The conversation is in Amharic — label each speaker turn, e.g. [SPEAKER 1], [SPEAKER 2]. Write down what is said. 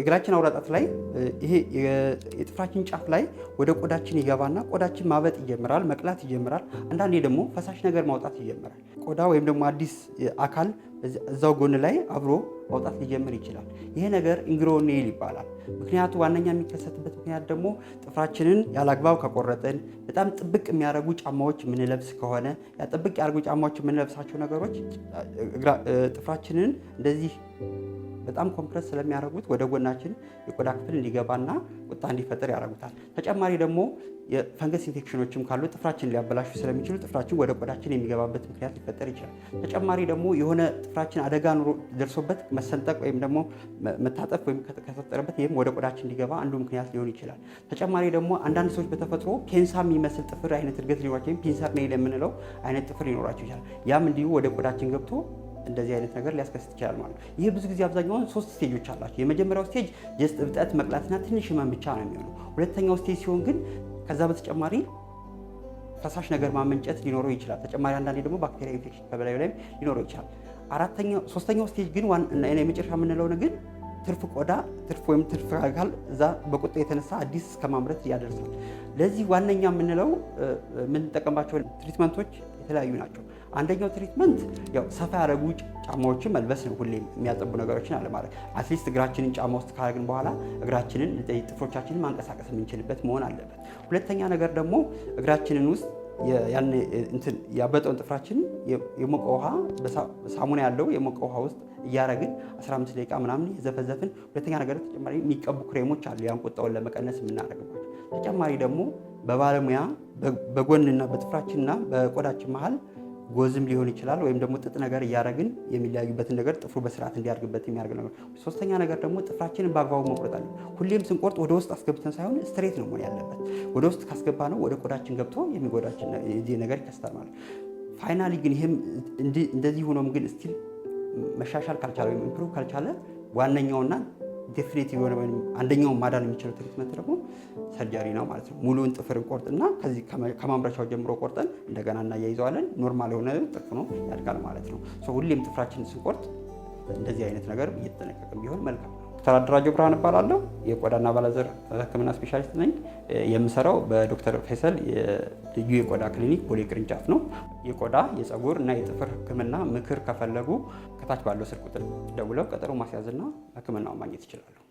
[SPEAKER 1] እግራችን አውራጣት ላይ ይሄ የጥፍራችን ጫፍ ላይ ወደ ቆዳችን ይገባና ቆዳችን ማበጥ ይጀምራል፣ መቅላት ይጀምራል። አንዳንዴ ደግሞ ፈሳሽ ነገር ማውጣት ይጀምራል። ቆዳ ወይም ደግሞ አዲስ አካል እዛው ጎን ላይ አብሮ ማውጣት ሊጀምር ይችላል። ይሄ ነገር ኢንግሮኔል ይባላል። ምክንያቱ ዋነኛ የሚከሰትበት ምክንያት ደግሞ ጥፍራችንን ያላግባብ ከቆረጥን፣ በጣም ጥብቅ የሚያደርጉ ጫማዎች የምንለብስ ከሆነ ያ ጥብቅ ያደርጉ ጫማዎች የምንለብሳቸው ነገሮች ጥፍራችንን እንደዚህ በጣም ኮምፕረስ ስለሚያደርጉት ወደ ጎናችን የቆዳ ክፍል እንዲገባና ቁጣ እንዲፈጠር ያደርጉታል። ተጨማሪ ደግሞ የፈንገስ ኢንፌክሽኖችም ካሉ ጥፍራችን ሊያበላሹ ስለሚችሉ ጥፍራችን ወደ ቆዳችን የሚገባበት ምክንያት ሊፈጠር ይችላል። ተጨማሪ ደግሞ የሆነ ጥፍራችን አደጋ ኑሮ ደርሶበት መሰንጠቅ ወይም ደግሞ መታጠፍ ወይም ከተፈጠረበት ይህም ወደ ቆዳችን እንዲገባ አንዱ ምክንያት ሊሆን ይችላል። ተጨማሪ ደግሞ አንዳንድ ሰዎች በተፈጥሮ ፔንሳ የሚመስል ጥፍር አይነት እድገት ሊኖራቸው ወይም ፒንሰር ኔይል የምንለው አይነት ጥፍር ሊኖራቸው ይችላል። ያም እንዲሁ ወደ ቆዳችን ገብቶ እንደዚህ አይነት ነገር ሊያስከስት ይችላል ማለት ነው። ይህ ብዙ ጊዜ አብዛኛውን ሶስት ስቴጆች አላቸው። የመጀመሪያው ስቴጅ ጀስት እብጠት፣ መቅላትና ትንሽ ህመም ብቻ ነው የሚሆነው። ሁለተኛው ስቴጅ ሲሆን ግን ከዛ በተጨማሪ ፈሳሽ ነገር ማመንጨት ሊኖረው ይችላል። ተጨማሪ አንዳንዴ ደግሞ ባክቴሪያ ኢንፌክሽን በላዩ ላይ ሊኖረው ይችላል። ሶስተኛው ስቴጅ ግን የመጨረሻ የምንለው ግን ትርፍ ቆዳ ትርፍ ወይም ትርፍ አካል እዛ በቁጣ የተነሳ አዲስ እስከ ያደርሳል። ለዚህ ዋነኛ የምንለው የምንጠቀምባቸው ትሪትመንቶች የተለያዩ ናቸው። አንደኛው ትሪትመንት ያው ሰፋ ያደረጉ ጫማዎችን መልበስ ነው። ሁሌም የሚያጠቡ ነገሮችን አለማድረግ፣ አትሊስት እግራችንን ጫማ ውስጥ ካረግን በኋላ እግራችንን ጥፍሮቻችንን ማንቀሳቀስ የምንችልበት መሆን አለበት። ሁለተኛ ነገር ደግሞ እግራችንን ውስጥ ያበጠውን ጥፍራችን የሞቀ ውሃ ሳሙና ያለው የሞቀ ውሃ ውስጥ እያረግን 15 ደቂቃ ምናምን የዘፈዘፍን። ሁለተኛ ነገር ተጨማሪ የሚቀቡ ክሬሞች አሉ፣ ያን ቁጣውን ለመቀነስ የምናደርግባቸው። ተጨማሪ ደግሞ በባለሙያ በጎንና በጥፍራችንና በቆዳችን መሀል ጎዝም ሊሆን ይችላል ወይም ደግሞ ጥጥ ነገር እያደረግን የሚለያዩበትን ነገር ጥፍሩ በስርዓት እንዲያርግበት የሚያርግ ነገር። ሶስተኛ ነገር ደግሞ ጥፍራችንን በአግባቡ መቁረጥ አለ። ሁሌም ስንቆርጥ ወደ ውስጥ አስገብተን ሳይሆን ስትሬት ነው መሆን ያለበት። ወደ ውስጥ ካስገባ ነው ወደ ቆዳችን ገብቶ የሚጎዳችን ነገር ይከስታል ማለት። ፋይናሊ ግን ይህም እንደዚህ ሆኖም ግን ስቲል መሻሻል ካልቻለ ወይም ኢምፕሩቭ ካልቻለ ዋነኛውና ዴፊኔቲቭ የሆነ ወይም አንደኛውን ማዳን የሚችለው ትሪትመንት ደግሞ ሰርጀሪ ነው ማለት ነው። ሙሉውን ጥፍር ቆርጥና ከዚህ ከማምረቻው ጀምሮ ቆርጠን እንደገና እናያይዘዋለን። ኖርማል የሆነ ጥፍ ነው ያድጋል ማለት ነው። ሁሌም ጥፍራችን ስንቆርጥ እንደዚህ አይነት ነገር እየተጠነቀቅን ቢሆን መልካም ነው። ዶክተር አደራጀው ብርሃን እባላለሁ። የቆዳና ባለዘር ሕክምና ስፔሻሊስት ነኝ። የምሰራው በዶክተር ፌሰል ልዩ የቆዳ ክሊኒክ ቦሌ ቅርንጫፍ ነው። የቆዳ የፀጉር እና የጥፍር ሕክምና ምክር ከፈለጉ ከታች ባለው ስልክ ቁጥር ደውለው ቀጠሮ ማስያዝና ሕክምናውን ማግኘት ይችላሉ።